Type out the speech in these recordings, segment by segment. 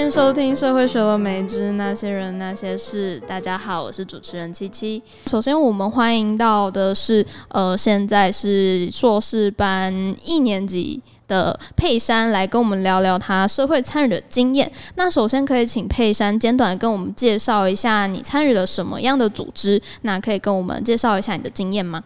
先收聽《社會學的美之那些人那些事》。大家好，我是主持人七七。首先，我們歡迎到的是，呃，現在是碩士班一年級的沛珊，來跟我們聊聊她社會參與的經驗。那首先可以請沛珊簡短跟我們介紹一下你參與了什麼樣的組織？那可以跟我們介紹一下你的經驗嗎？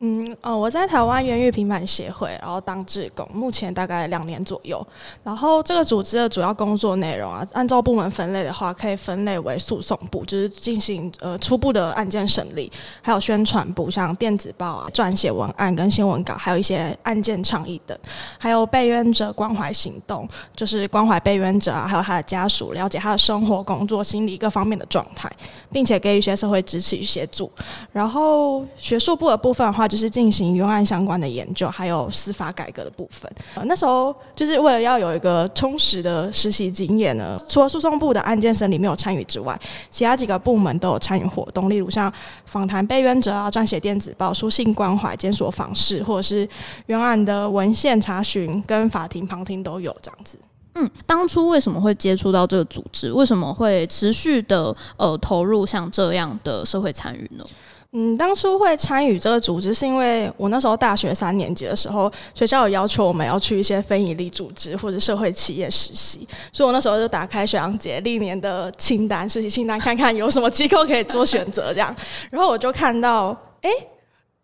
嗯哦，我在台灣冤獄平反協會，然後當志工，目前大概兩年左右。然後這個組織的主要工作內容啊，按照部門分類的話，可以分類為訴訟部，就是進行呃初步的案件審理；還有宣傳部，像電子報啊，撰寫文案跟新聞稿，還有一些案件倡議等；還有被冤者關懷行動，就是關懷被冤者啊，還有他的家屬，了解他的生活、工作、心理各方面的狀態，並且給予一些社會支持與協助。然後學術部的部分的話，就是進行冤案相關的研究，還有司法改革的部分，呃。那時候就是為了要有一個充實的實習經驗呢。除了訴訟部的案件審理沒有參與之外，其他幾個部門都有參與活動，例如像訪談被冤者啊，撰寫電子報，書信關懷，檢索訪視，或者是冤案的文獻查詢跟法庭旁聽都有這樣子。嗯，當初為什麼會接觸到這個組織？為什麼會持續的呃投入像這樣的社會參與呢？嗯，當初會參與這個組織是因為我那時候大學三年級的時候，學校有要求我們要去一些非營利組織或者社會企業實習，所以我那時候就打開學長姐歷年的清單實習清單，看看有什麼機構可以做選擇這樣。 然後我就看到，哎、欸，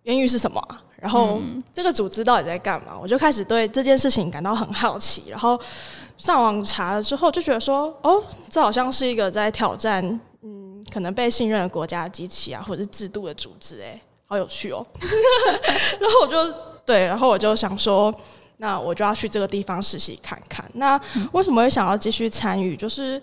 冤獄是什麼、啊？然後、嗯、這個組織到底在幹嘛？我就開始對這件事情感到很好奇，然後。上網查了之後就覺得說，哦，這好像是一個在挑戰，嗯，可能被信任的國家機器啊，或者是制度的組織，欸，哎，好有趣哦。 然後我就對，然後我就想說，那我就要去這個地方實習看看。那為什麼會想要繼續參與？就是。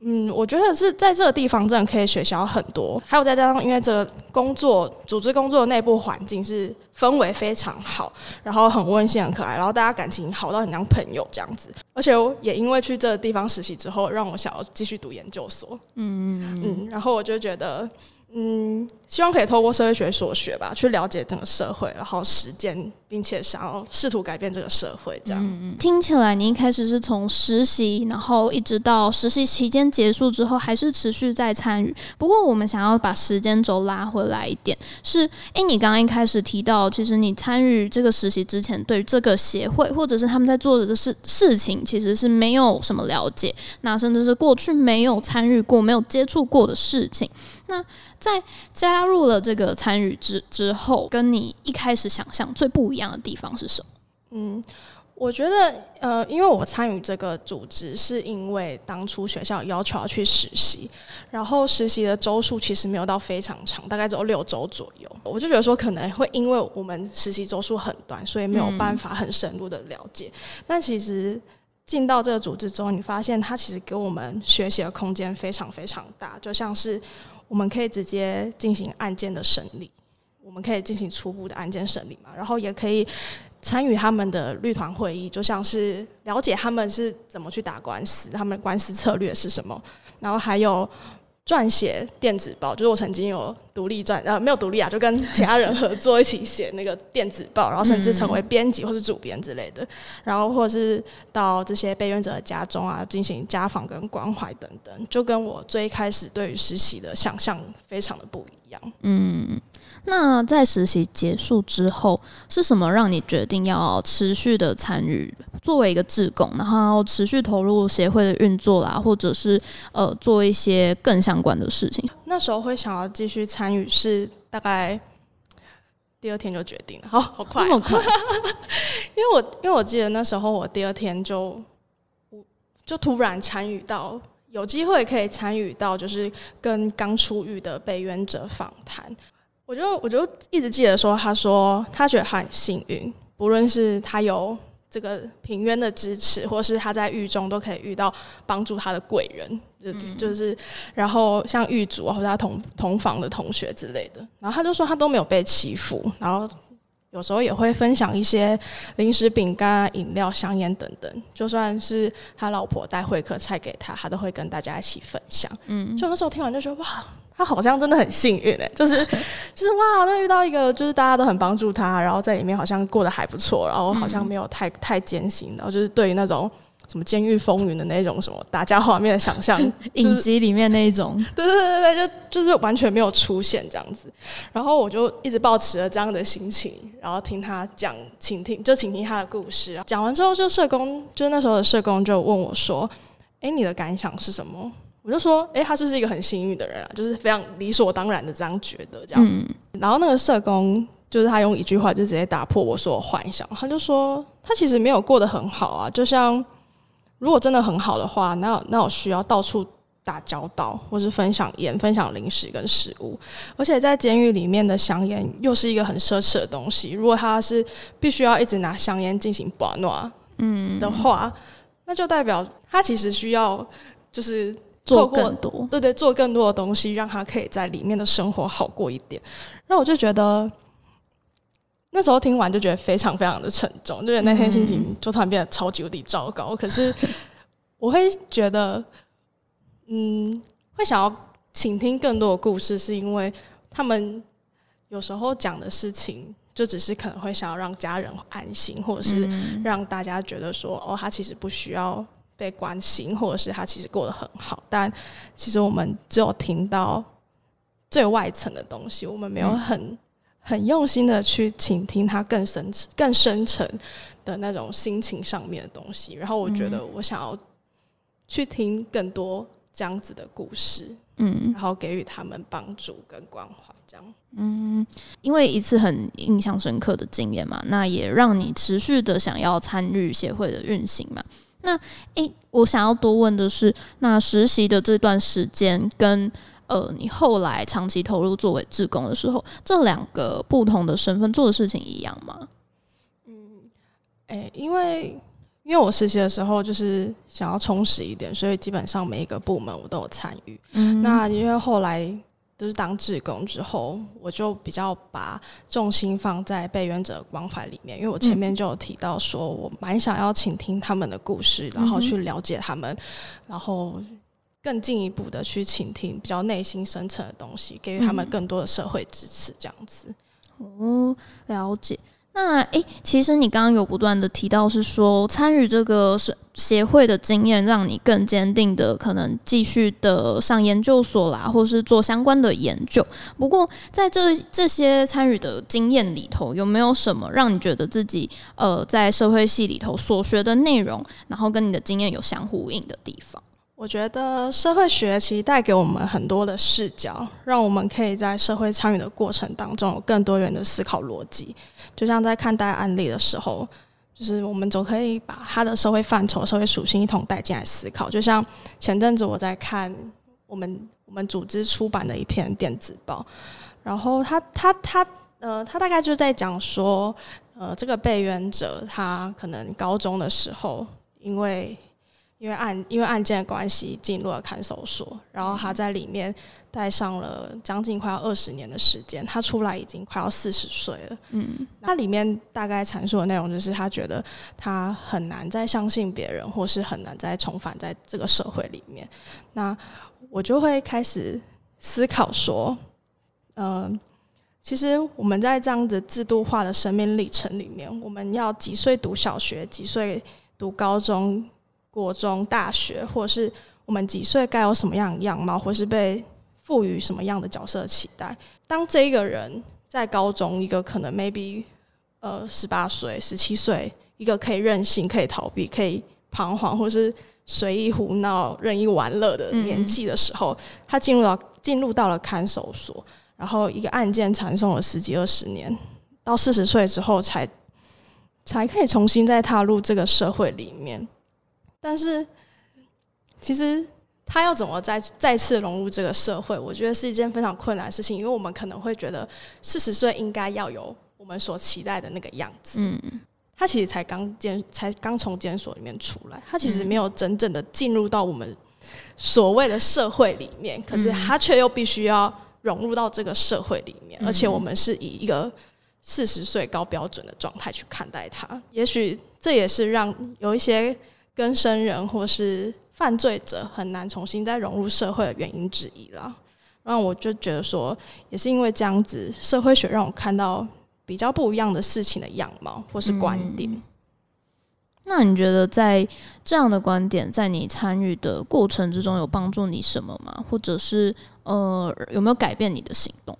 嗯，我覺得是在這個地方真的可以學到很多，還有再加上因為這個工作，組織工作的內部環境是氛圍非常好，然後很溫馨、很可愛，然後大家感情好到很像朋友這樣子。而且我也因為去這個地方實習之後，讓我想要繼續讀研究所。嗯嗯，然後我就覺得嗯。希望可以透過社會學所學吧，去了解整個社會，然後實踐，並且想要試圖改變這個社會。這樣、嗯、聽起來，你一開始是從實習，然後一直到實習期間結束之後，還是持續在參與。不過，我們想要把時間軸拉回來一點，是，哎、欸，你剛剛一開始提到，其實你參與這個實習之前，對於這個協會，或者是他們在做的事事情，其實是沒有什麼了解，那甚至是過去沒有參與過、沒有接觸過的事情。那在加。加入了這個參與之之後，跟你一開始想象最不一樣的地方是什麼？嗯，我覺得，呃，因為我參與這個組織，是因為當初學校要求要去實習，然後實習的周數其實沒有到非常長，大概只有六周左右。我就覺得說，可能會因為我們實習周數很短，所以沒有辦法很深入的了解。嗯。但其實進到這個組織之後，你發現它其實給我們學習的空間非常非常大，就像是。我們可以直接進行案件的審理，我們可以進行初步的案件審理嘛，然後也可以參與他們的律團會議，就像是了解他們是怎麼去打官司，他們的官司策略是什麼，然後還有。撰寫電子報，就是我曾經有獨立撰，呃、啊，沒有獨立啊，就跟其他人合作一起寫那個電子報， 然後甚至成為編輯或是主編之類的，然後或者是到這些被冤者的家中啊，進行家訪跟關懷等等，就跟我最開始對於實習的想象非常的不一樣。嗯。那在實習結束之後，是什麼讓你決定要持續的參與作為一個志工，然後持續投入協會的運作啦，或者是呃做一些更相關的事情？那時候會想要繼續參與，是大概第二天就決定了，好好快，這麼快 因為我因為我記得那時候我第二天就我就突然參與到有機會可以參與到就是跟剛出獄的被冤者訪談。我就我就一直記得說，他說他覺得他很幸運，不論是他有這個平冤的支持，或是他在獄中都可以遇到幫助他的貴人，就是、嗯就是、然後像獄卒啊，或者他同同房的同學之類的。然後他就說他都沒有被欺負，然後有時候也會分享一些零食、餅乾、飲料、香菸等等。就算是他老婆帶會客菜給他，他都會跟大家一起分享。嗯，就那時候聽完就覺得哇。他好像真的很幸運哎、欸，就是就是哇，那遇到一個就是大家都很幫助他，然後在裡面好像過得還不錯，然後好像沒有太太艱辛，然後就是對於那種什麼監獄風雲的那種什麼打架畫面的想象、就是，影集裡面那一種，對對對對對，就就是完全沒有出現這樣子。然後我就一直抱持着這樣的心情，然後聽他講傾聽，就傾聽他的故事。講完之後，就社工，就那時候的社工就問我說：“哎、欸，你的感想是什麼？”我就說，哎、欸，他就是，是一個很幸運的人啊，就是非常理所當然的這樣覺得這樣，嗯。然後那個社工就是他用一句話就直接打破我所有幻想，他就說他其實沒有過得很好啊。就像如果真的很好的話，那那我需要到處打交道，或是分享煙、分享零食跟食物。而且在監獄裡面的香煙又是一個很奢侈的東西。如果他是必須要一直拿香煙進行保暖，嗯的話，那就代表他其實需要就是。做更多，對對，做更多的東西，讓他可以在裡面的生活好過一點。然後我就覺得，那時候聽完就覺得非常非常的沉重，對，那天心情就突然變得超級無敵糟糕。可是我會覺得，嗯，會想要傾聽更多的故事，是因為他們有時候講的事情，就只是可能會想要讓家人安心，或者是讓大家覺得說，哦，他其實不需要被關心，或者是他其實過得很好，但其實我們只有聽到最外層的東西，我們沒有很、嗯、很用心的去傾聽他更深、更深沉的那種心情上面的東西。然後我覺得我想要去聽更多這樣子的故事，嗯，然後給予他們幫助跟關懷，這樣，嗯。因為一次很印象深刻的經驗嘛，那也讓你持續的想要參與協會的運行嘛？那誒、欸，我想要多問的是，那實習的這段時間跟呃你後來長期投入作為志工的時候，這兩個不同的身份做的事情一樣嗎？嗯，誒、欸，因為因為我實習的時候就是想要充實一點，所以基本上每一個部門我都有參與、嗯。那因為後來。都、就是當志工之後，我就比較把重心放在被冤者關懷裡面，因為我前面就有提到說，我蠻想要傾聽他們的故事，然後去了解他們，然後更進一步的去傾聽比較內心深層的東西，給予他們更多的社會支持，這樣子、mm。-hmm. 哦，了解。那誒、欸，其實你剛剛有不斷的提到，是說參與這個是協會的經驗，讓你更堅定的可能繼續的上研究所啦，或是做相關的研究。不過在這這些參與的經驗裡頭，有沒有什麼讓你覺得自己呃在社會系裡頭所學的內容，然後跟你的經驗有相呼應的地方？我覺得社會學其實帶給我們很多的視角，讓我們可以在社會參與的過程當中有更多元的思考邏輯。就像在看待案例的時候，就是我們總可以把他的社會範疇、社會屬性一同帶進來思考。就像前陣子我在看我們我們組織出版的一篇電子報，然後他他他，他呃，他大概就在講說，呃，這個被援者他可能高中的時候因為。因為案因為案件的關係進入了看守所，然後他在裡面待上了將近快要二十年的時間。他出來已經快要四十歲了。嗯，那裡面大概闡述的內容就是他覺得他很難再相信別人，或是很難再重返在這個社會裡面。那我就會開始思考說，嗯、呃，其實我們在這樣子制度化的生命歷程裡面，我們要幾歲讀小學，幾歲讀高中，國中、大學，或是我們幾歲該有什麼樣樣貌，或是被賦予什麼樣的角色期待？當這一個人在高中，一個可能 maybe 呃十八歲、十七歲，一個可以任性、可以逃避、可以彷徨，或是隨意胡鬧、任意玩樂的年紀的時候，嗯、他進入到進入到了看守所，然後一個案件纏訟了十幾二十年，到四十歲之後才才可以重新再踏入這個社會裡面。但是，其實他要怎麼再再次融入這個社會，我覺得是一件非常困難的事情。因為我們可能會覺得四十歲應該要有我們所期待的那個樣子。嗯，他其實才剛監，才剛從監所裡面出來，他其實沒有真正的進入到我們所謂的社會裡面。可是他卻又必須要融入到這個社會裡面，而且我們是以一個四十歲高標準的狀態去看待他。也許這也是讓有一些。跟生人或是犯罪者很難重新再融入社會的原因之一了，那我就覺得說，也是因為這樣子，社會學讓我看到比較不一樣的事情的樣貌或是觀點、嗯。那你覺得在這樣的觀點，在你參與的過程之中，有幫助你什麼嗎？或者是呃，有沒有改變你的行動？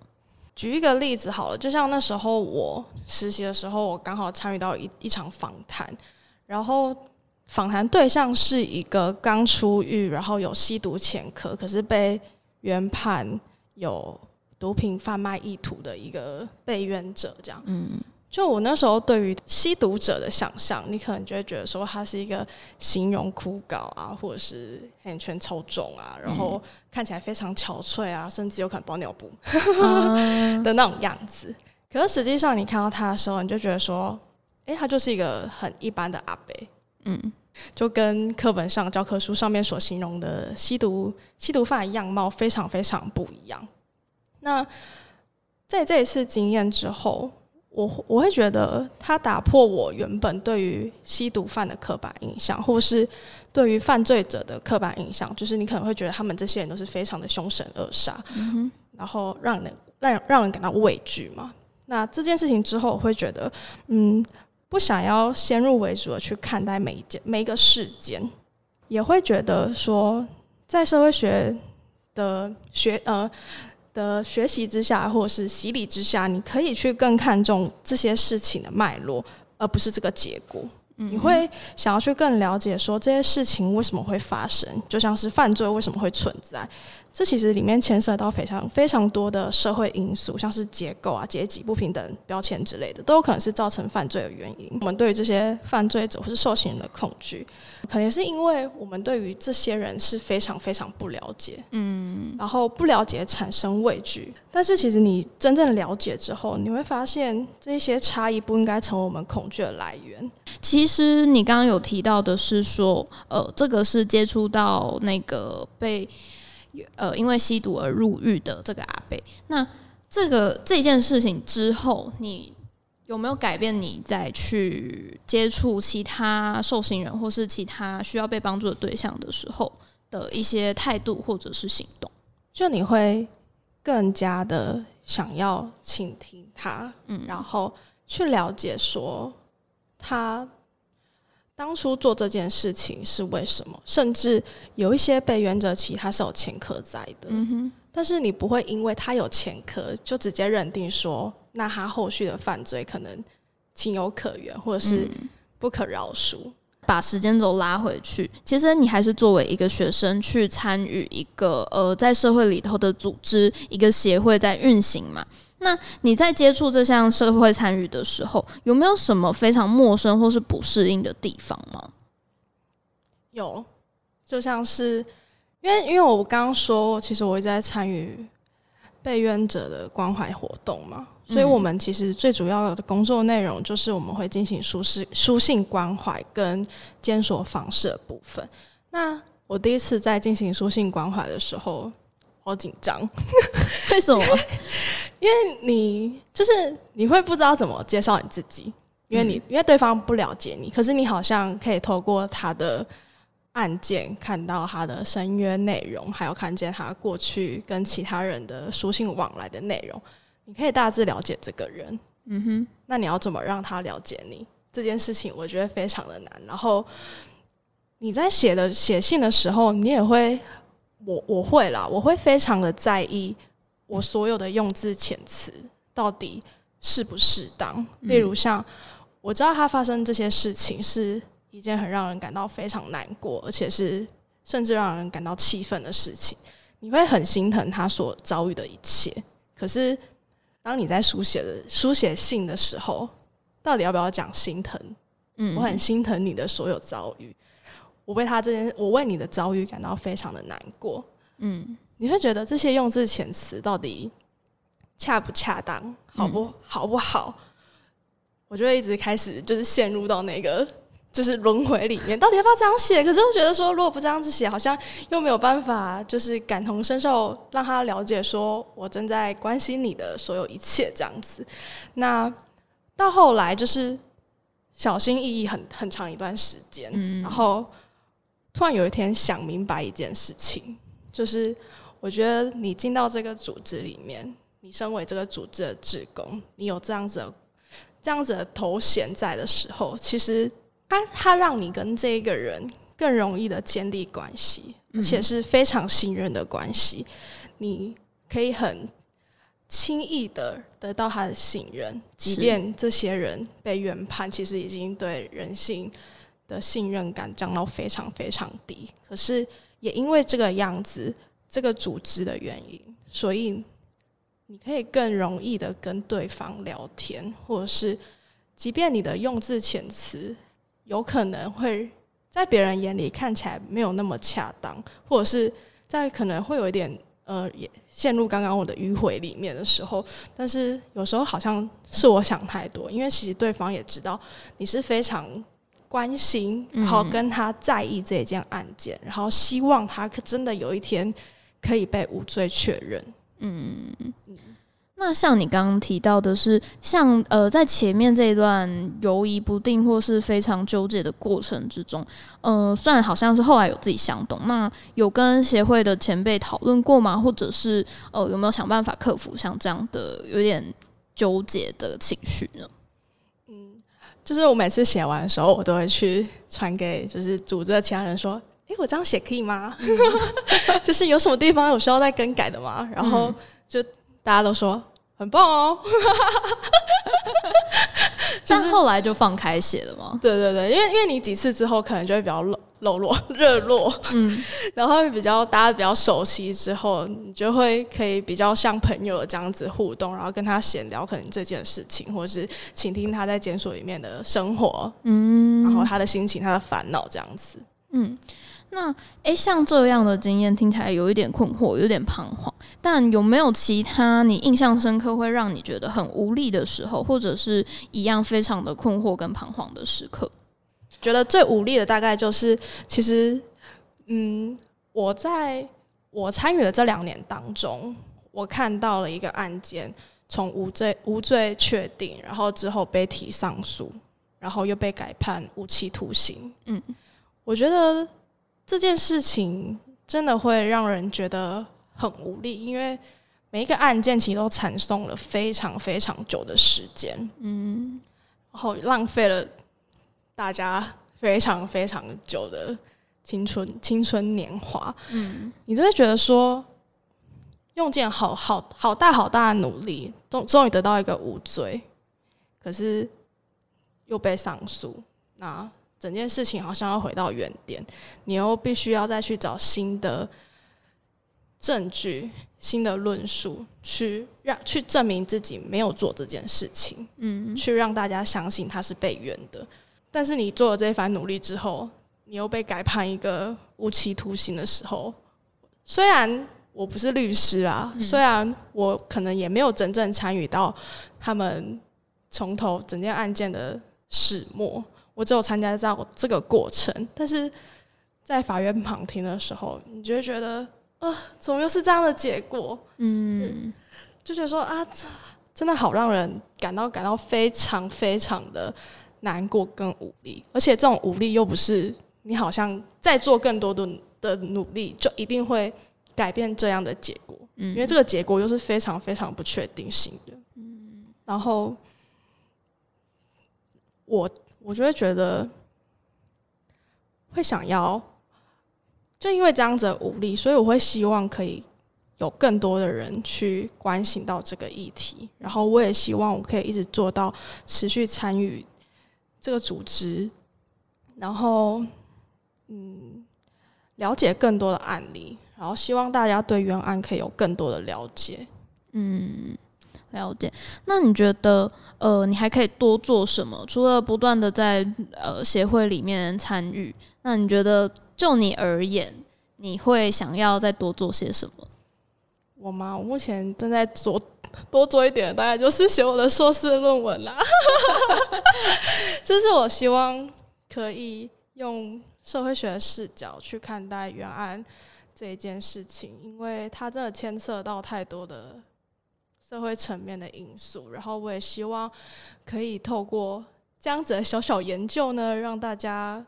舉一個例子好了，就像那時候我實習的時候，我剛好參與到一一場訪談，然後。訪談對象是一個剛出獄，然後有吸毒前科，可是被原判有毒品販賣意圖的一個被冤者。這樣，嗯，就我那時候對於吸毒者的想象，你可能就會覺得說他是一個形容枯槁啊，或者是黑眼圈超重啊，然後看起來非常憔悴啊，甚至有可能包尿布、嗯、 的那種樣子。可是實際上你看到他的時候，你就覺得說，哎、欸，他就是一個很一般的阿伯。嗯，就跟課本上、教科書上面所形容的吸毒吸毒犯的樣貌非常非常不一樣。那在這一次經驗之後，我我會覺得他打破我原本對於吸毒犯的刻板印象，或是對於犯罪者的刻板印象，就是你可能會覺得他們這些人都是非常的兇神惡煞、嗯，然後讓人讓讓人感到畏懼嘛。那這件事情之後，我會覺得，嗯。不想要先入為主的去看待每一件、每一個事件，也會覺得說，在社會學的學呃的學習之下，或者是洗禮之下，你可以去更看重這些事情的脈絡，而不是這個結果。嗯。你會想要去更了解說這些事情為什麼會發生，就像是犯罪為什麼會存在。這其實裡面牽涉到非常非常多的社會因素，像是結構啊、階級不平等、標籤之類的，都有可能是造成犯罪的原因。我們對於這些犯罪者或是受刑人的恐懼，可能也是因為我們對於這些人是非常非常不了解，嗯，然後不了解產生畏懼。但是其實你真正了解之後，你會發現這些差異不應該成為我們恐懼的來源。其實你剛剛有提到的是說，呃，這個是接觸到那個被。呃，因為吸毒而入獄的這個阿伯，那這個這件事情之後，你有沒有改變你再去接觸其他受刑人或是其他需要被幫助的對象的時候的一些態度或者是行動？就你會更加的想要傾聽他，嗯，然後去了解說他，當初做這件事情是為什麼？甚至有一些被冤者其實，他是有前科在的、嗯。但是你不會因為他有前科就直接認定說，那他後續的犯罪可能情有可原，或者是不可饒恕、嗯。把時間軸拉回去，其實你還是作為一個學生去參與一個呃，在社會裡頭的組織，一個協會在運行嘛。那你在接觸這項社會參與的時候，有沒有什麼非常陌生或是不適應的地方嗎？有，就像是，因為因為我剛剛說，其實我一直在參與被冤者的關懷活動嘛，所以我們其實最主要的工作內容就是，我們會進行舒適、書信關懷跟監所訪視的部分。那我第一次在進行書信關懷的時候，好緊張，為什麼？ 因為你就是你會不知道怎麼介紹你自己，因為你、嗯、因為對方不了解你，可是你好像可以透過他的案件看到他的申冤內容，還有看見他過去跟其他人的書信往來的內容，你可以大致了解這個人。嗯哼，那你要怎麼讓他了解你這件事情？我覺得非常的難。然後你在寫的寫信的時候，你也會。我我會啦，我會非常的在意我所有的用字遣詞到底適不適當。嗯。例如像我知道他發生這些事情是一件很讓人感到非常難過，而且是甚至讓人感到氣憤的事情。你會很心疼他所遭遇的一切。可是當你在書寫的書寫信的時候，到底要不要講心疼？嗯嗯。我很心疼你的所有遭遇。我為他這件事，我為你的遭遇感到非常的難過。嗯，你會覺得這些用字遣詞到底恰不恰當，好不好不好？嗯，我就會一直開始就是陷入到那個就是輪迴裡面，到底要不要這樣寫？可是我覺得說，如果不這樣子寫，好像又沒有辦法就是感同身受，讓他了解說我正在關心你的所有一切這樣子。那到後來就是小心翼翼很很長一段時間，嗯，然後。突然有一天想明白一件事情，就是我覺得你進到這個組織裡面，你身為這個組織的職工，你有這樣子這樣子的頭銜在的時候，其實他他讓你跟這一個人更容易的建立關係，而且是非常信任的關係，你可以很輕易的得到他的信任，即便這些人被原判，其實已經對人性。的信任感降到非常非常低，可是也因為這個樣子，這個組織的原因，所以你可以更容易的跟對方聊天，或者是即便你的用字遣詞有可能會在別人眼裡看起來沒有那麼恰當，或者是在可能會有一點呃，也陷入剛剛我的迂回裡面的時候，但是有時候好像是我想太多，因為其實對方也知道你是非常。關心，然後跟他在意這件案件，然後希望他可真的有一天可以被無罪確認。嗯嗯。那像你剛剛提到的是，像呃，在前面這一段猶疑不定或是非常糾結的過程之中，呃，雖然好像是後來有自己想懂，那有跟協會的前輩討論過嗎？或者是呃，有沒有想辦法克服像這樣的有點糾結的情緒呢？就是我每次寫完的時候，我都會去傳給就是組織的其他人說，哎、欸，我這樣寫可以嗎？ 就是有什麼地方有需要再更改的嗎？然後就大家都說很棒哦。 但後來就放開寫了嘛。 對對對，因為因為你幾次之後，可能就會比較冷。熱絡，熱絡，嗯， 然後會比較大家比較熟悉之後，你就會可以比較像朋友這樣子互動，然後跟他閒聊，可能這件事情，或是傾聽他在監所裡面的生活，嗯，然後他的心情、他的煩惱這樣子，嗯，嗯，那誒、欸，像這樣的經驗聽起來有一點困惑，有點彷徨，但有沒有其他你印象深刻，會讓你覺得很無力的時候，或者是一樣非常的困惑跟彷徨的時刻？我覺得最無力的大概就是，其實，嗯，我在我參與的這兩年當中，我看到了一個案件從無罪，無罪確定，然後之後被提上訴，然後又被改判無期徒刑。嗯，我覺得這件事情真的會讓人覺得很無力，因為每一個案件其實都纏訟了非常非常久的時間，嗯，然後浪費了。大家非常非常久的青春青春年華，嗯，你就會覺得說，用盡，好好好大好大的努力，終終於得到一個無罪，可是又被上訴，那整件事情好像要回到原點，你又必須要再去找新的證據、新的論述，去讓去證明自己沒有做這件事情，嗯，去讓大家相信他是被冤的。但是你做了這一番努力之後，你又被改判一個無期徒刑的時候，雖然我不是律師啊，嗯、雖然我可能也沒有真正參與到他們從頭整件案件的始末，我只有參加到這個過程。但是在法院旁聽的時候，你就會覺得，啊、呃，怎麼又是這樣的結果？嗯，嗯就覺得說啊，真的好讓人感到感到非常非常的。難過跟無力，而且這種無力又不是你好像在做更多的的努力，就一定會改變這樣的結果。因為這個結果又是非常非常不確定性的。嗯，然後我我就會覺得會想要，就因為這樣子的無力，所以我會希望可以有更多的人去關心到這個議題，然後我也希望我可以一直做到持續參與。這個組織，然後，嗯，了解更多的案例，然後希望大家對冤案可以有更多的了解，嗯，了解。那你覺得，呃，你還可以多做什麼？除了不斷的在呃協會裡面參與，那你覺得就你而言，你會想要再多做些什麼？我嗎？我目前正在做。多做一點，大概就是寫我的碩士論文啦。 就是我希望可以用社會學的視角去看待冤案這一件事情，因為它真的牽涉到太多的社會層面的因素。然後我也希望可以透過這樣子的小小研究呢，讓大家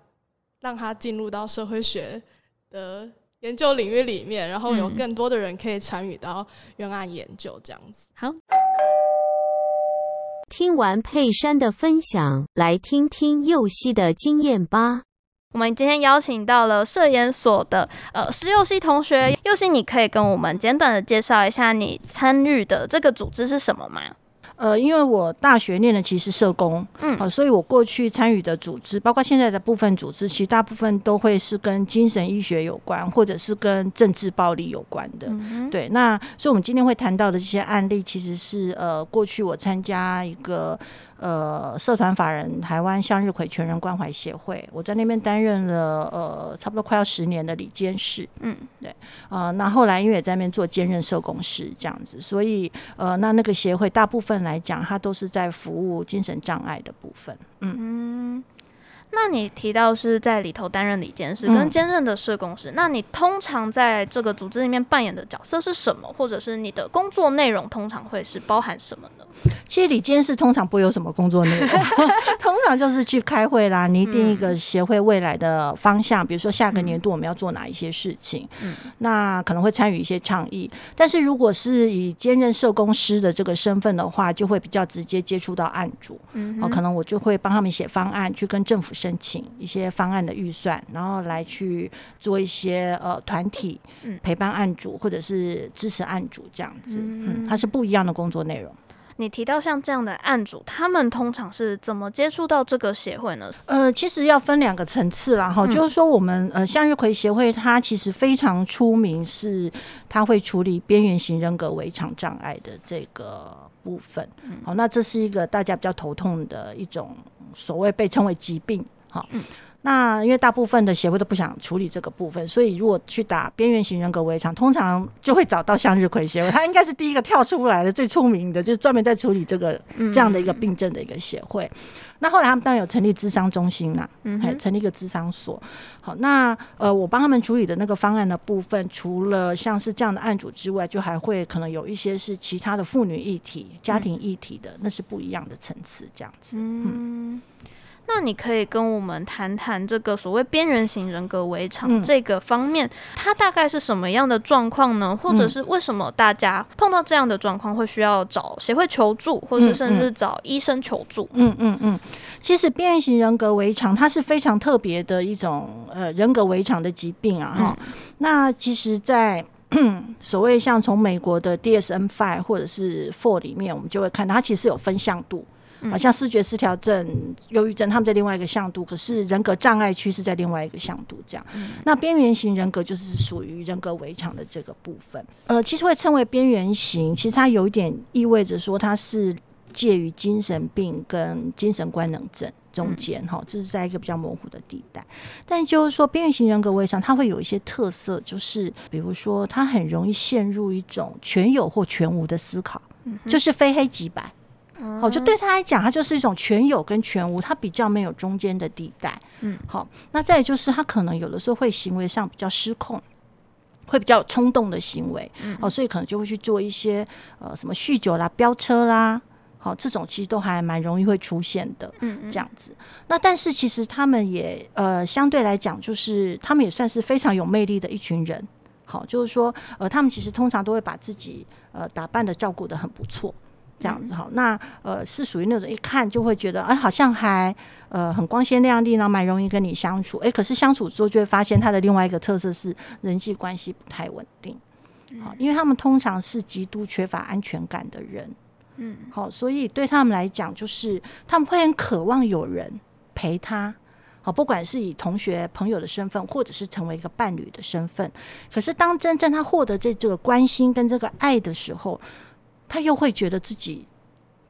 讓他進入到社會學的。研究領域裡面，然後有更多的人可以參與到冤案研究這樣子。嗯、好，聽完沛珊的分享，來聽聽又熙的經驗吧。我們今天邀請到了社研所的呃施又熙同學，又、嗯、熙，你可以跟我們簡短的介紹一下你參與的這個組織是什麼嗎？呃，因為我大學念的其實社工，嗯，好，呃，所以我過去參與的組織，包括現在的部分組織，其實大部分都會是跟精神醫學有關，或者是跟政治暴力有關的。嗯嗯，對，那所以我們今天會談到的這些案例，其實是呃，過去我參加一個。呃，社團法人台灣向日葵全人關懷協會，我在那邊擔任了呃，差不多快要十年的理監事。嗯，對。啊、呃，那後來因為也在那邊做兼任社工師這樣子，所以呃，那那個協會大部分來講，它都是在服務精神障礙的部分嗯。嗯，那你提到是在裡頭擔任理監事跟兼任的社工師、嗯，那你通常在這個組織裡面扮演的角色是什麼？或者是你的工作內容通常會是包含什麼？其實理監事通常不會有什麼工作內容 通常就是去開會啦，擬定一個協會未來的方向，嗯，比如說下個年度我們要做哪一些事情，嗯，那可能會參與一些倡議。但是如果是以兼任社工師的這個身份的話，就會比較直接接觸到案主，嗯，哦，可能我就會幫他們寫方案，去跟政府申請一些方案的預算，然後來去做一些呃團體陪伴案主，嗯、或者是支持案主這樣子，嗯，它是不一樣的工作內容。你提到像這樣的案主，他們通常是怎麼接觸到這個協會呢？呃，其實要分兩個層次啦，哈、嗯，就是說我們呃向日葵協會，它其實非常出名，是它會處理邊緣型人格違常障礙的這個部分。好、嗯，那這是一個大家比較頭痛的一種所謂被稱為疾病，哈。嗯那因為大部分的協會都不想處理這個部分，所以如果去打邊緣型人格圍牆，通常就會找到向日葵協會。他應該是第一個跳出來的、最出名的，就是專門在處理這個這樣的一個病症，的一個協會、嗯。那後來他們當然有成立諮商中心啦、啊，嗯，成立一個諮商所。好，那呃，我幫他們處理的那個方案的部分，除了像是這樣的案主之外，就還會可能有一些是其他的婦女議題、家庭議題的，嗯、那是不一樣的層次，這樣子，嗯。嗯那你可以跟我們談談這個所謂邊緣型人格違常，嗯、這個方面，它大概是什麼樣的狀況呢？或者是為什麼大家碰到這樣的狀況會需要找誰會求助，或是甚至找醫生求助？嗯嗯嗯，嗯，嗯。其實邊緣型人格違常它是非常特別的一種呃人格違常的疾病啊哈，嗯。那其實在，在，嗯，所謂像從美國的 DSM Five 或者是 Four 裡面，我們就會看到它其實有分向度。好像思覺失調症、憂鬱症，他們在另外一個向度；可是人格障礙區是在另外一個向度。這樣，嗯、那邊緣型人格就是屬於人格違常的這個部分。呃，其實會稱為邊緣型，其實它有一點意味着說，它是介於精神病跟精神官能症中間。哈、嗯，這、就是在一個比較模糊的地帶。但就是說，邊緣型人格違常，它會有一些特色，就是比如說，它很容易陷入一種全有或全無的思考，嗯、就是非黑即白。好、哦，就對他來講，他就是一種全有跟全無，他比較沒有中間的地帶。嗯，好、哦，那再就是他可能有的時候會行為上比較失控，會比較衝動的行為。嗯、哦，所以可能就會去做一些呃什麼酗酒啦、飆車啦，好、哦，這種其實都還蠻容易會出現的。嗯，這樣子嗯嗯。那但是其實他們也呃相對來講，就是他們也算是非常有魅力的一群人。好，就是說呃他們其實通常都會把自己呃打扮得照顧得很不錯。這樣子好，那呃是屬於那種一看就會覺得哎、欸，好像還呃很光鮮亮麗呢，蠻容易跟你相處，哎、欸，可是相處之後就會發現他的另外一個特色是人際關係不太穩定，好，因為他們通常是極度缺乏安全感的人，嗯，好，所以對他們來講，就是他們會很渴望有人陪他，好，不管是以同學朋友的身份，或者是成為一個伴侶的身份，可是當真正他獲得這這個關心跟這個愛的時候。他又會覺得自己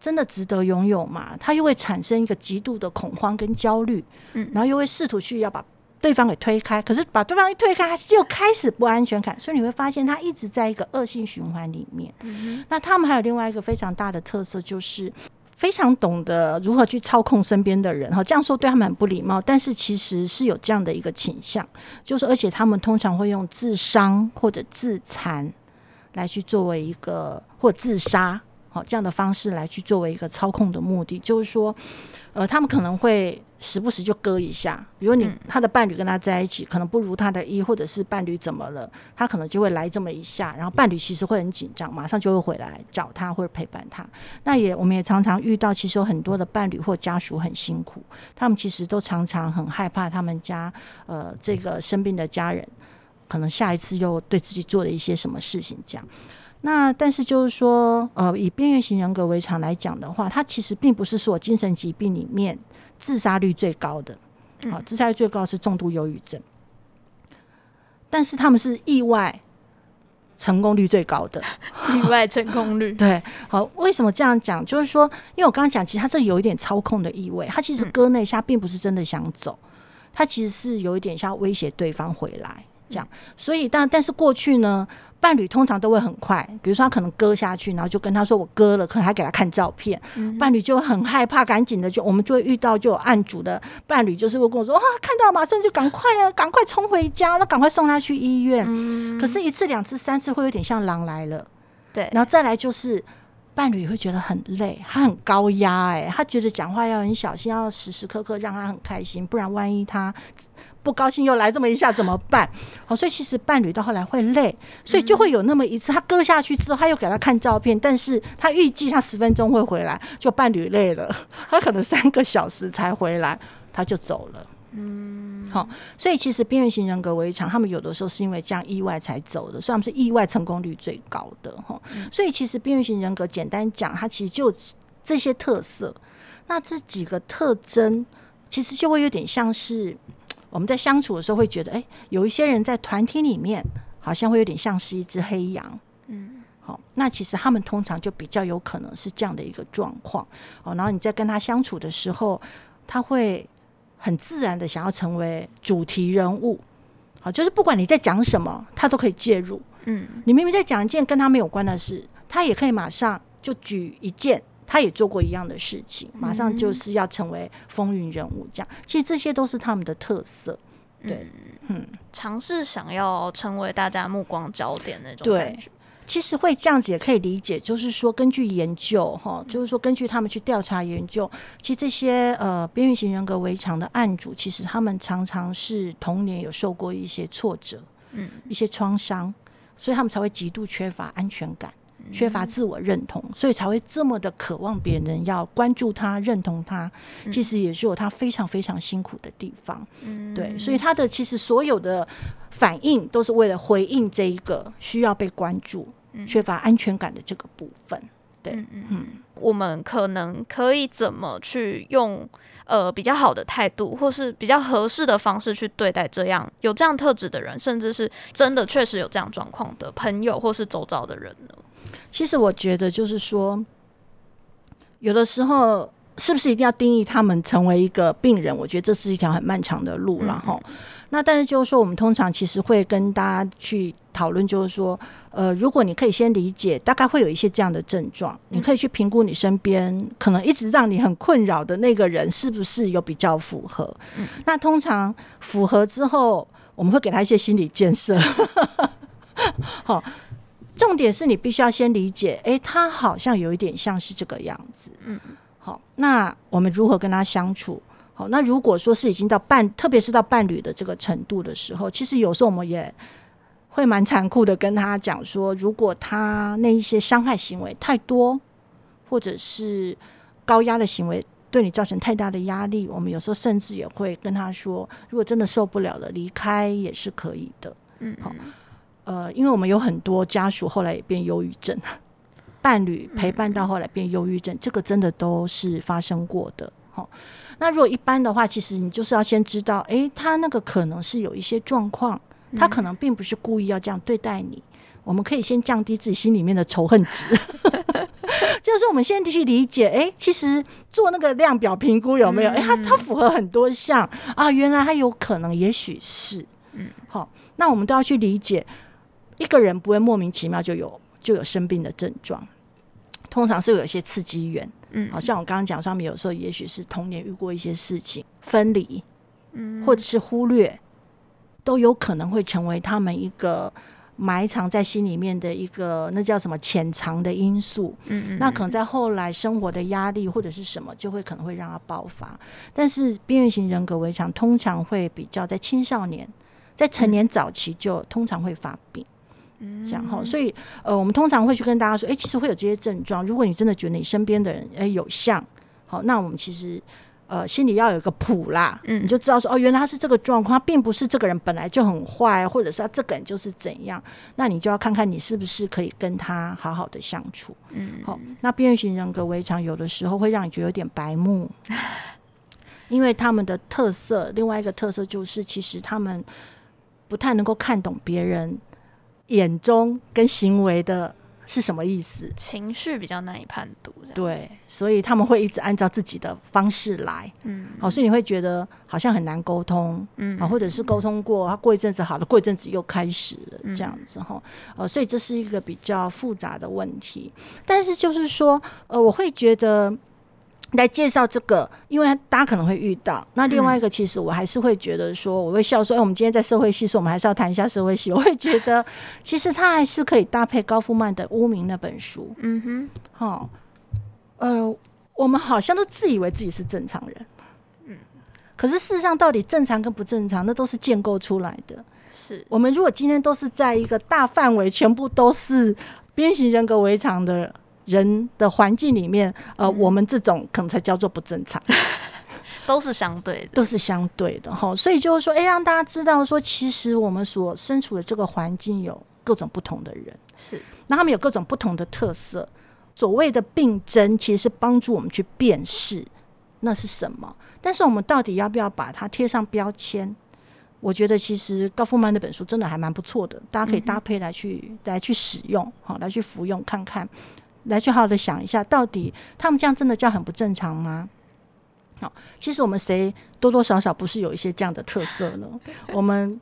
真的值得擁有嗎？他又會產生一個極度的恐慌跟焦慮，嗯，然後又會試圖去要把對方給推開。可是把對方一推開，他是又開始不安全感。所以你會發現，他一直在一個惡性循環裡面。嗯。那他們還有另外一個非常大的特色，就是非常懂得如何去操控身邊的人。哈，這樣說對他們很不禮貌，但是其實是有這樣的一個傾向，就是而且他們通常會用自傷或者自殘，來去作為一個或自殺，好、哦、這樣的方式來去作為一個操控的目的，就是說，呃，他們可能會時不時就割一下，比如你他的伴侶跟他在一起，可能不如他的意，或者是伴侶怎麼了，他可能就會來這麼一下，然後伴侶其實會很緊張，馬上就會回來找他或者陪伴他。那也我們也常常遇到，其實有很多的伴侶或家屬很辛苦，他們其實都常常很害怕他們家，呃，這個生病的家人。可能下一次又對自己做了一些什麼事情？這樣。那但是就是說，呃，以邊緣型人格為常來講的話，他其實並不是所有精神疾病裡面自殺率最高的。嗯。啊、自殺率最高是重度憂鬱症，但是他們是意外成功率最高的。意外成功率？ 對。好，為什麼這樣講？就是說，因為我剛剛講，其實他這有一點操控的意味。他其實割那一下，並不是真的想走、嗯，他其實是有一點想威脅對方回來。這樣，所以但但是過去呢，伴侶通常都會很快，比如說他可能割下去，然後就跟他說我割了，可能還給他看照片，嗯、伴侶就很害怕，趕緊的就我們就會遇到就有案主的伴侶，就是會跟我說啊，看到了馬上就趕快啊，趕快衝回家，那趕快送他去醫院。嗯、可是，一次兩次三次會有點像狼來了，對，然後再來就是伴侶會覺得很累，他很高壓哎、欸，他覺得講話要很小心，要時時刻刻讓他很開心，不然萬一他。不高興又來這麼一下怎麼辦？好、哦，所以其實伴侶到後來會累，所以就會有那麼一次，他割下去之後，他又給他看照片，嗯、但是他預計他十分鐘會回來，就伴侶累了，他可能三個小時才回來，他就走了。嗯、好、哦，所以其實邊緣型人格違常，他們有的時候是因為這樣意外才走的，所以他們是意外成功率最高的哈、哦，嗯。所以其實邊緣型人格簡單講，他其實就這些特色，那這幾個特徵其實就會有點像是。我們在相處的時候，會覺得，誒、欸，有一些人在團體裡面，好像會有點像是一隻黑羊。嗯，好、哦，那其實他們通常就比較有可能是這樣的一個狀況。哦，然後你在跟他相處的時候，他會很自然的想要成為主題人物。好、哦，就是不管你在講什麼，他都可以介入。嗯，你明明在講一件跟他沒有關的事，他也可以馬上就舉一件。他也做過一樣的事情，馬上就是要成為風雲人物，這樣其實這些都是他們的特色。對，嗯，嗯、嘗試想要成為大家目光焦點那種感覺，對，其實會這樣子也可以理解，就是說根據研究哈，就是說根據他們去調查研究、嗯，其實這些呃邊緣型人格違常的案主，其實他們常常是童年有受過一些挫折，嗯，一些創傷，所以他們才會極度缺乏安全感。缺乏自我認同、嗯，所以才會這麼的渴望別人要關注他、嗯、認同他。其實也是有他非常非常辛苦的地方、嗯，對。所以他的其實所有的反應都是為了回應這一個需要被關注、嗯、缺乏安全感的這個部分。對，嗯，嗯，我們可能可以怎麼去用呃比較好的態度，或是比較合適的方式去對待這樣有這樣特質的人，甚至是真的確實有這樣狀況的朋友或是周遭的人呢？其實我覺得，就是說，有的時候是不是一定要定義他們成為一個病人？我覺得這是一條很漫長的路。然後、嗯、，那但是就是說，我們通常其實會跟大家去討論，就是說，呃，如果你可以先理解，大概會有一些這樣的症狀、嗯，你可以去評估你身邊可能一直讓你很困擾的那個人是不是有比較符合、嗯。那通常符合之後，我們會給他一些心理建設。好、 嗯。哦重點是你必須要先理解，誒、欸，他好像有一點像是這個樣子。嗯，好，那我們如何跟他相處？好，那如果說是已經到伴，特別是到伴侶的這個程度的時候，其實有時候我們也會蠻殘酷的跟他講說，如果他那一些傷害行為太多，或者是高壓的行為對你造成太大的壓力，我們有時候甚至也會跟他說，如果真的受不了了，離開也是可以的。嗯，好。呃，因為我們有很多家屬後來也變憂鬱症，伴侶陪伴到後來變憂鬱症。嗯嗯，這個真的都是發生過的。好，那如果一般的話，其實你就是要先知道，哎、欸，他那個可能是有一些狀況，他可能並不是故意要這樣對待你、嗯。我們可以先降低自己心裡面的仇恨值， 就是我們先去理解，哎、欸，其實做那個量表評估有沒有，哎、嗯嗯欸，他他符合很多項啊，原來他有可能也許是，嗯，好，那我們都要去理解。一個人不會莫名其妙就有就有生病的症狀，通常是有一些刺激源，嗯，好像我剛剛講上面有時候也許是童年遇過一些事情分離，嗯，或者是忽略，都有可能會成為他們一個埋藏在心裡面的一個那叫什麼潛藏的因素，嗯，嗯，嗯，那可能在後來生活的壓力或者是什麼，就會可能會讓它爆發。但是邊緣型人格違常通常會比較在青少年，在成年早期就通常會發病。嗯這樣哈，所以呃，我們通常會去跟大家說，哎、欸，其實會有這些症狀，如果你真的覺得你身邊的人哎、欸、有像，好，那我們其實呃心裡要有一個譜啦，嗯，你就知道說，哦，原來他是這個狀況，並不是這個人本來就很壞，或者是他這個人就是怎樣，那你就要看看你是不是可以跟他好好的相處，嗯，好。那邊緣型人格違常有的時候會讓你覺得有點白目，因為他們的特色，另外一個特色就是其實他們不太能夠看懂別人。眼中跟行為的是什麼意思？情緒比較難以判斷，對，所以他們會一直按照自己的方式來，嗯,嗯，好、哦，所以你會覺得好像很難溝通，嗯,嗯、哦，或者是溝通過，他過一陣子好了，過一陣子又開始了，這樣子哈，嗯嗯哦，所以這是一個比較複雜的問題，但是就是說，呃，我會覺得。來介紹這個，因為大家可能會遇到。那另外一個，其實我還是會覺得說、嗯，我會笑說，哎，我們今天在社會系，說我們還是要談一下社會系。我會覺得，其實他還是可以搭配高夫曼的《污名》那本書。嗯哼，好、哦，嗯、呃，我們好像都自以為自己是正常人。嗯，可是事實上，到底正常跟不正常，那都是建構出來的。是我們如果今天都是在一個大範圍，全部都是邊緣人格違常的。人的環境裡面，呃、嗯，我們這種可能才叫做不正常，都是相對的， 都是相對的哈。所以就是說，誒、欸，讓大家知道說，其實我們所身處的這個環境有各種不同的人，是，那他們有各種不同的特色。所謂的病症，其實是幫助我們去辨識那是什麼。但是我們到底要不要把它貼上標籤？我覺得其實高夫曼那本書真的還蠻不錯的，大家可以搭配來去、嗯、來去使用，哈，來去服用看看。來去好好的想一下，到底他們這樣真的叫很不正常嗎？好，其實我們誰多多少少不是有一些這樣的特色呢？ 我們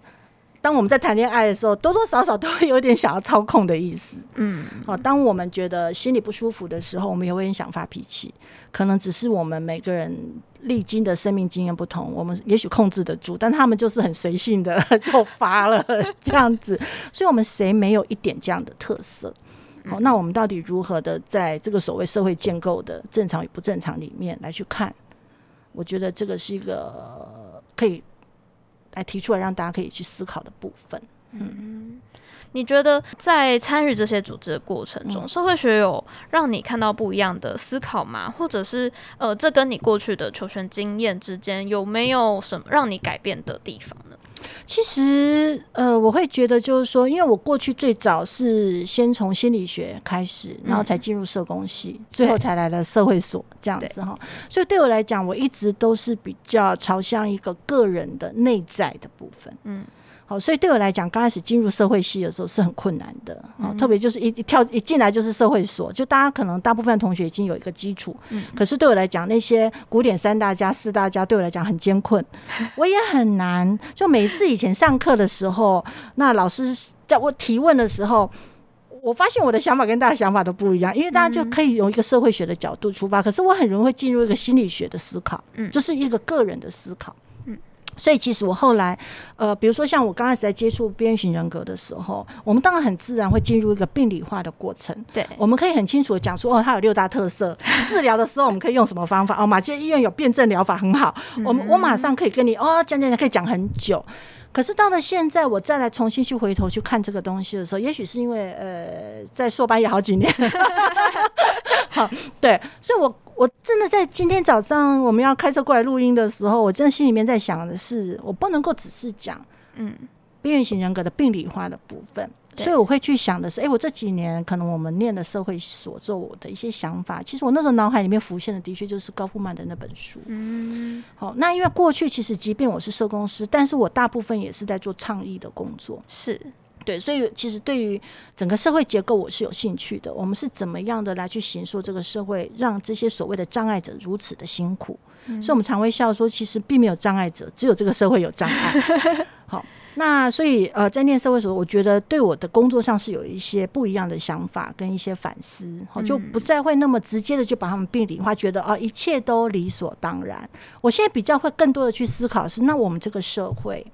當我們在談戀愛的時候，多多少少都會有點想要操控的意思。嗯，好，當我們覺得心裡不舒服的時候，我們也會想發脾氣。可能只是我們每個人歷經的生命經驗不同，我們也許控制得住，但他們就是很隨性的就發了 這樣子。所以，我們誰沒有一點這樣的特色？好，那我們到底如何的在這個所謂社會建構的正常與不正常裡面來去看？我覺得這個是一個可以來提出來讓大家可以去思考的部分。嗯，你覺得在參與這些組織的過程中、嗯，社會學有讓你看到不一樣的思考嗎？或者是呃，這跟你過去的求學經驗之間有沒有什麼讓你改變的地方呢？其實，呃，我會覺得就是說，因為我過去最早是先從心理學開始，然後才進入社工系，嗯，最後才來了社會所這樣子哈。所以對我來講，我一直都是比較朝向一個個人的內在的部分，嗯。好，所以對我來講，剛開始進入社會系的時候是很困難的，好嗯、特別就是一跳一進來就是社會所，就大家可能大部分同學已經有一個基礎、嗯，可是對我來講，那些古典三大家、四大家對我來講很艱困，我也很難。就每次以前上課的時候，那老師在我提問的時候，我發現我的想法跟大家想法都不一樣，因為大家就可以用一個社會學的角度出發，嗯、可是我很容易會進入一個心理學的思考，嗯，就是一個個人的思考。所以其實我後來，呃，比如說像我剛開始在接觸邊緣型人格的時候，我們當然很自然會進入一個病理化的過程。對，我們可以很清楚地講出哦，它有六大特色。治療的時候我們可以用什麼方法？ 哦，馬偕醫院有辯證療法很好。 我們我馬上可以跟你哦講講講，可以講很久。可是到了現在，我再來重新去回頭去看這個東西的時候，也許是因為呃，在碩班也好幾年 好，對，所以我。我真的在今天早上我們要開車過來錄音的時候，我真的心裡面在想的是，我不能夠只是講，嗯，邊緣型人格的病理化的部分，嗯、所以我會去想的是，哎、欸，我這幾年可能我們念的社會所做我的一些想法，其實我那時候腦海裡面浮現的的確就是高夫曼的那本書，嗯，好，那因為過去其實即便我是社工師，但是我大部分也是在做倡議的工作，是。對，所以其實對於整個社會結構，我是有興趣的。我們是怎麼樣的來去形塑這個社會，讓這些所謂的障礙者如此的辛苦？嗯、所以我們常會笑說，其實並沒有障礙者，只有這個社會有障礙。 好，那所以呃，在念社會的時候，我覺得對我的工作上是有一些不一樣的想法跟一些反思。好，就不再會那麼直接的就把他們病理化，覺得啊、呃、一切都理所當然。我現在比較會更多的去思考是，那我們這個社會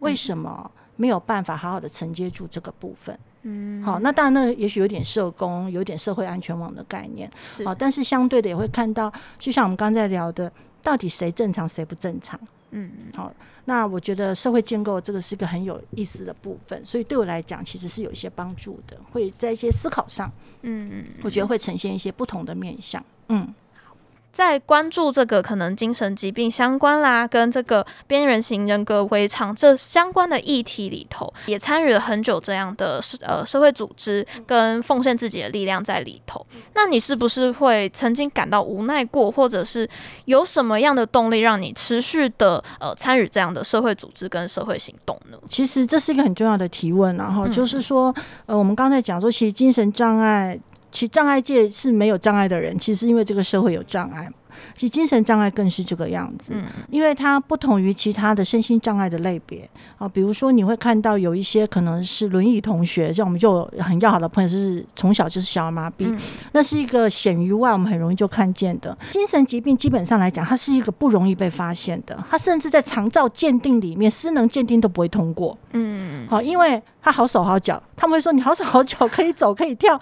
為什麼？嗯沒有辦法好好的承接住這個部分，嗯，好、哦，那當然，那也許有點社工，有點社會安全網的概念，是、哦，但是相對的也會看到，就像我們剛才聊的，到底誰正常，誰不正常，嗯，好、哦，那我覺得社會建構這個是一個很有意思的部分，所以對我來講其實是有一些幫助的，會在一些思考上，嗯，我覺得會呈現一些不同的面向，嗯。在關注這個可能精神疾病相關啦，跟這個邊緣型人格違常這相關的議題裡頭，也參與了很久這樣的社呃社會組織跟奉獻自己的力量在裡頭。那你是不是會曾經感到無奈過，或者是有什麼樣的動力讓你持續的呃參與這樣的社會組織跟社會行動呢？其實這是一個很重要的提問，然後就是說，嗯、呃，我們剛才講說，其實精神障礙。其障礙界是沒有障礙的人，其實因為這個社會有障礙。其實精神障礙更是這個樣子，嗯、因為它不同於其他的身心障礙的類別啊。比如說，你會看到有一些可能是輪椅同學，像我們就有很要好的朋友是從小就是小兒麻痹、嗯，那是一個顯於外，我們很容易就看見的。精神疾病基本上來講，它是一個不容易被發現的，它甚至在長照鑑定裡面、失能鑑定都不會通過。嗯，好、啊，因為他好手好腳，他們會說你好手好腳，可以走可以跳。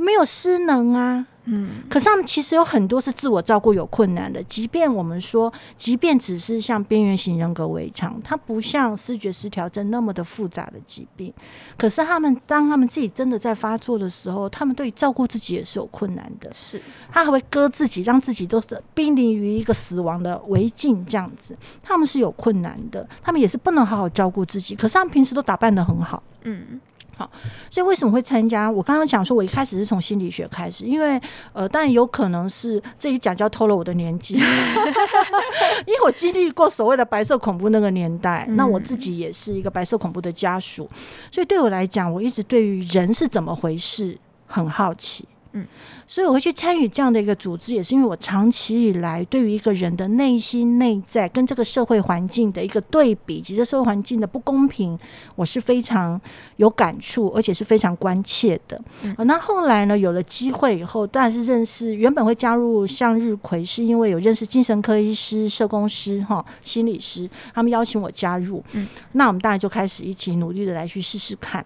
沒有失能啊，嗯，可是他們其實有很多是自我照顧有困難的。即便我們說，即便只是像邊緣型人格違常，他不像思覺失調症那麼的複雜的疾病，可是他們當他們自己真的在發作的時候，他們對照顧自己也是有困難的。是，他還會割自己，讓自己都是瀕臨於一個死亡的危境這樣子。他們是有困難的，他們也是不能好好照顧自己。可是他們平時都打扮得很好，嗯。好，所以為什麼會參加？我剛剛講說，我一開始是從心理學開始，因為呃，當然有可能是這一講就要透露了我的年紀， 因為我經歷過所謂的白色恐怖那個年代，嗯，那我自己也是一個白色恐怖的家屬，所以對我來講，我一直對於人是怎麼回事很好奇。嗯，所以我會去參與這樣的一個組織，也是因為我長期以來對於一個人的內心內在跟這個社會環境的一個對比，及這社會環境的不公平，我是非常有感觸，而且是非常關切的。嗯啊，那後來呢，有了機會以後，當然是認識原本會加入向日葵，嗯，是因為有認識精神科醫師、社工師、哈心理師，他們邀請我加入。嗯，那我們當然就開始一起努力的來去試試看。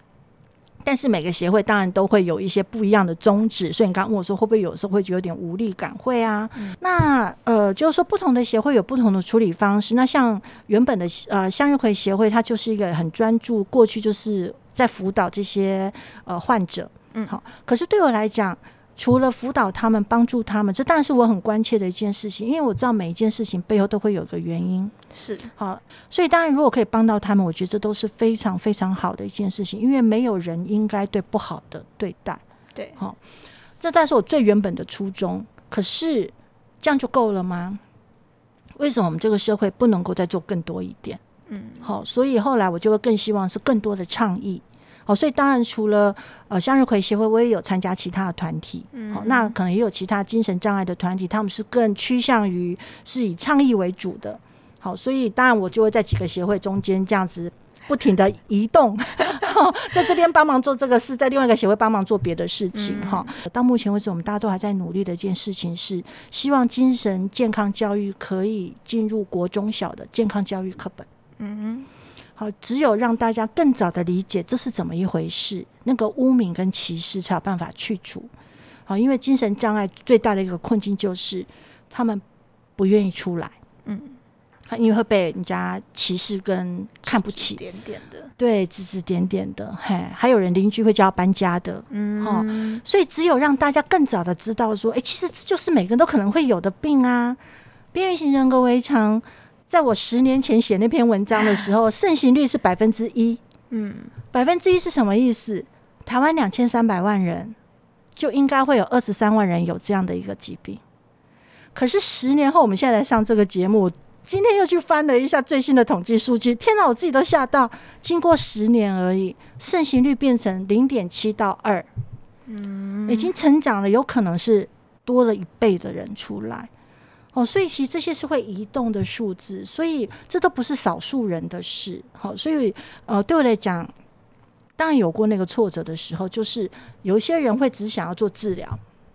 但是每個協會當然都會有一些不一樣的宗旨，所以你剛剛問我說會不會有時候會覺得有點無力感？會啊，嗯、那呃，就是說不同的協會有不同的處理方式。那像原本的呃向日葵協會，它就是一個很專注過去就是在輔導這些呃患者，嗯，好。可是對我來講。除了輔導他們，幫助他們，這當然是我很關切的一件事情。因為我知道每一件事情背後都會有個原因，是好，哦。所以當然，如果可以幫到他們，我覺得這都是非常非常好的一件事情。因為沒有人應該對不好的對待，對好，哦。這當然是我最原本的初衷。可是這樣就夠了嗎？為什麼我們這個社會不能夠再做更多一點？嗯，好，哦。所以後來我就會更希望是更多的倡議。好、哦，所以當然除了呃向日葵協會，我也有參加其他的團體，嗯、哦，那可能也有其他精神障礙的團體，他們是更趨向於是以倡議為主的。好、哦，所以當然我就會在幾個協會中間這樣子不停地移動、 哦，在這邊幫忙做這個事，在另外一個協會幫忙做別的事情。哈、嗯哦，到目前為止，我們大家都還在努力的一件事情是，希望精神健康教育可以進入國中小的健康教育課本。嗯。好，只有讓大家更早的理解這是怎麼一回事，那個污名跟歧視才有辦法去除。好，因為精神障礙最大的一個困境就是他們不願意出來，嗯，因為會被人家歧視跟看不起，指指點點的，對，指指點點的，嘿，還有人鄰居會叫搬家的，嗯，哈，所以只有讓大家更早的知道說，哎、欸，其實這就是每個人都可能會有的病啊，邊緣型人格違常。在我十年前寫那篇文章的時候，盛行率是百分之一。嗯，百分之一是什麼意思？台灣兩千三百萬人就應該會有二十三萬人有這樣的一個疾病。可是十年後，我們現在來上這個節目，今天又去翻了一下最新的統計數據，天吶，我自己都嚇到！經過十年而已，盛行率變成零點七到二，嗯，已經成長了，有可能是多了一倍的人出來。哦，所以其實這些是會移動的數字，所以這都不是少數人的事。好、哦，所以呃，對我來講，當然有過那個挫折的時候，就是有一些人會只想要做治療，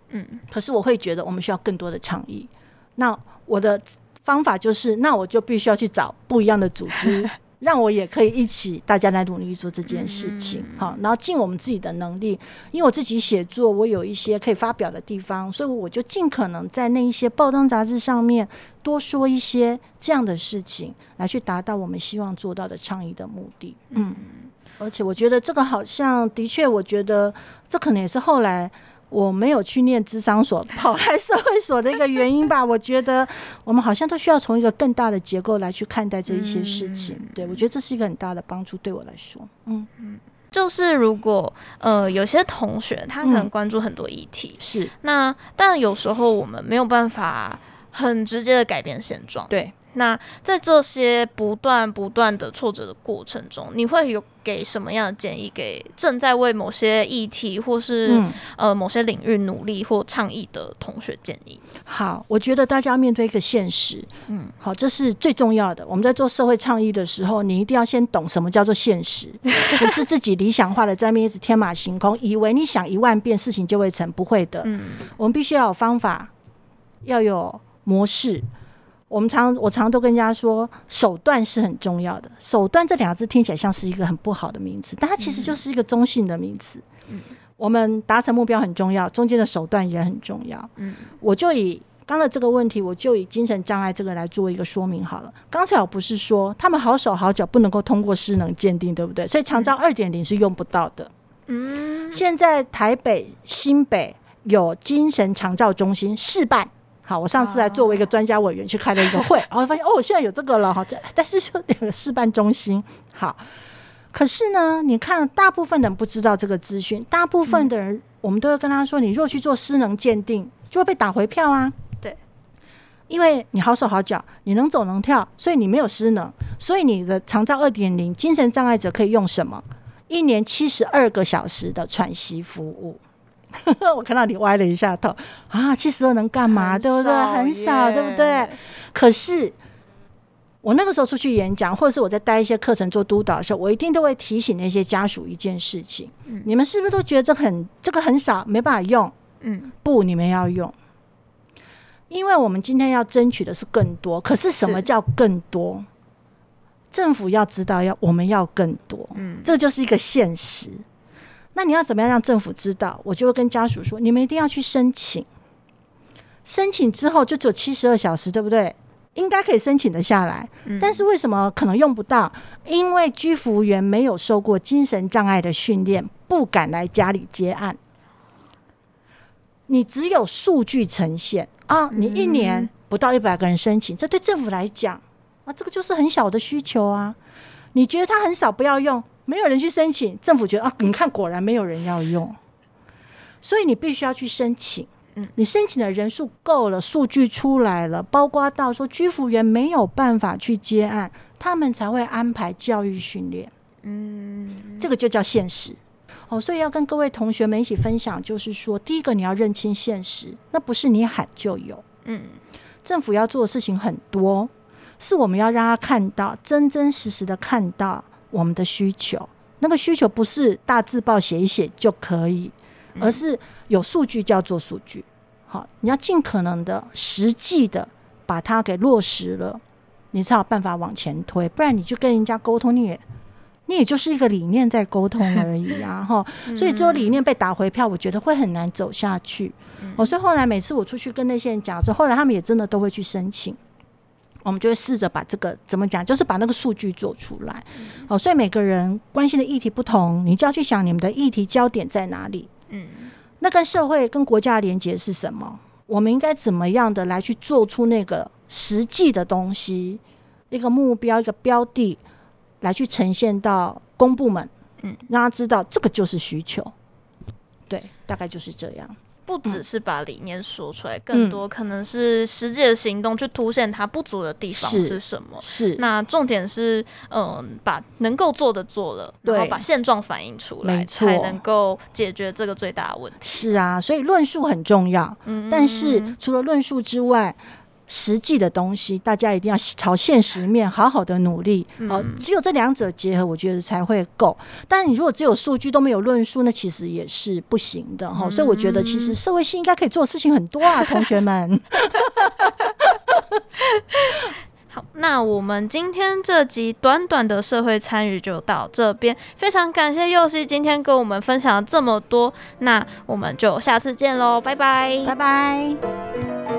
嗯，可是我會覺得我們需要更多的倡議。那我的方法就是，那我就必須要去找不一樣的組織。 讓我也可以一起，大家來努力做這件事情，好、嗯，然後盡我們自己的能力。因為我自己寫作，我有一些可以發表的地方，所以我就盡可能在那一些報章雜誌上面多說一些這樣的事情，來去達到我們希望做到的倡議的目的。嗯，嗯，而且我覺得這個好像的確，我覺得這可能也是後來。我沒有去念諮商所，跑來社會所的一個原因吧。 我覺得我們好像都需要從一個更大的結構來去看待這一些事情。嗯、對，我覺得這是一個很大的幫助對我來說。嗯嗯，就是如果呃有些同學他可能關注很多議題，是、嗯、那但有時候我們沒有辦法很直接的改變現狀。對。那在這些不斷不斷的挫折的過程中，你會有給什麼樣的建議給正在為某些議題或是呃某些領域努力或倡議的同學建議？嗯、好，我覺得大家要面對一個現實，嗯，好，這是最重要的。我們在做社會倡議的時候，你一定要先懂什麼叫做現實， 不是自己理想化的在那邊一直天馬行空，以為你想一萬遍事情就會成，不會的。嗯，我們必須要有方法，要有模式。我們常我常我常都跟人家說，手段是很重要的。手段這兩個字聽起來像是一個很不好的名詞，但它其實就是一個中性的名詞。嗯，我們達成目標很重要，中間的手段也很重要。嗯，我就以剛才這個問題，我就以精神障礙這個來做一個說明好了。剛才我不是說他們好手好腳不能夠通過失能鑑定，對不對？所以長照二點零是用不到的。嗯，現在台北新北有精神長照中心試辦。好，我上次還作為一個專家委員，oh. 去開了一個會，然後發現 哦，現在有這個了哈，但是說有個示範中心，好，可是呢，你看大部分人不知道這個資訊，大部分的人，嗯、我們都會跟他說，你若去做失能鑑定，就會被打回票啊，對，因為你好手好腳，你能走能跳，所以你沒有失能，所以你的長照二點零精神障礙者可以用什麼？一年七十二個小時的喘息服務。 我看到你歪了一下頭啊，七十二能幹嘛？對不對？很少，yeah. 對不對？可是我那個時候出去演講，或者是我在帶一些課程做督導的時候，我一定都會提醒那些家屬一件事情：嗯、你們是不是都覺得這很這個很少，沒辦法用？嗯，不，你們要用，因為我們今天要爭取的是更多。可是什麼叫更多？政府要知道要，要我們要更多，嗯，這就是一個現實。那你要怎麼樣讓政府知道？我就會跟家屬說，你們一定要去申請。申請之後就只有七十二小時，對不對？應該可以申請得下來、嗯。但是為什麼可能用不到？因為居服務員沒有受過精神障礙的訓練，不敢來家裡接案。你只有數據呈現啊，你一年不到一百個人申請、嗯，這對政府來講啊，這個就是很小的需求啊。你覺得它很少，不要用。沒有人去申請，政府覺得啊，你看，果然沒有人要用，所以你必須要去申請，嗯。你申請的人數夠了，數據出來了，包括到說居服員沒有辦法去接案，他們才會安排教育訓練。嗯，這個就叫現實。哦，所以要跟各位同學們一起分享，就是說，第一個你要認清現實，那不是你喊就有。嗯，政府要做的事情很多，是我們要讓他看到，真真實實的看到。我們的需求，那個需求不是大字報寫一寫就可以，而是有數據就要做數據。好，你要盡可能的實際的把它給落實了，你才有辦法往前推。不然，你去跟人家溝通，你也你也就是一個理念在溝通而已啊！哈，所以這個理念被打回票，我覺得會很難走下去。所以後來每次我出去跟那些人講說，後來他們也真的都會去申請。我們就會試着把這個怎麼講，就是把那個數據做出來。嗯。哦，所以每個人關心的議題不同，你就要去想你們的議題焦點在哪裡。嗯，那跟社會、跟國家的連接是什麼？我們應該怎麼樣的來去做出那個實際的東西？一個目標、一個標的，來去呈現到公部門，嗯，讓他知道這個就是需求。對，大概就是這樣。不只是把理念說出來，嗯、更多可能是實際的行動去凸顯它不足的地方是什麼。是，是那重點是，嗯，把能夠做的做了，然後把現狀反映出來，才能夠解決這個最大的問題。是啊，所以論述很重要。嗯，但是除了論述之外。實際的東西，大家一定要朝現實面好好的努力。好、嗯哦，只有這兩者結合，我覺得才會夠。但你如果只有數據都沒有論述，那其實也是不行的哈、嗯哦。所以我覺得，其實社會系應該可以做的事情很多啊，嗯、同學們。 好，那我們今天這集短短的社會參與就到這邊，非常感謝又熙今天跟我們分享了這麼多。那我們就下次見嘍，拜拜，拜拜。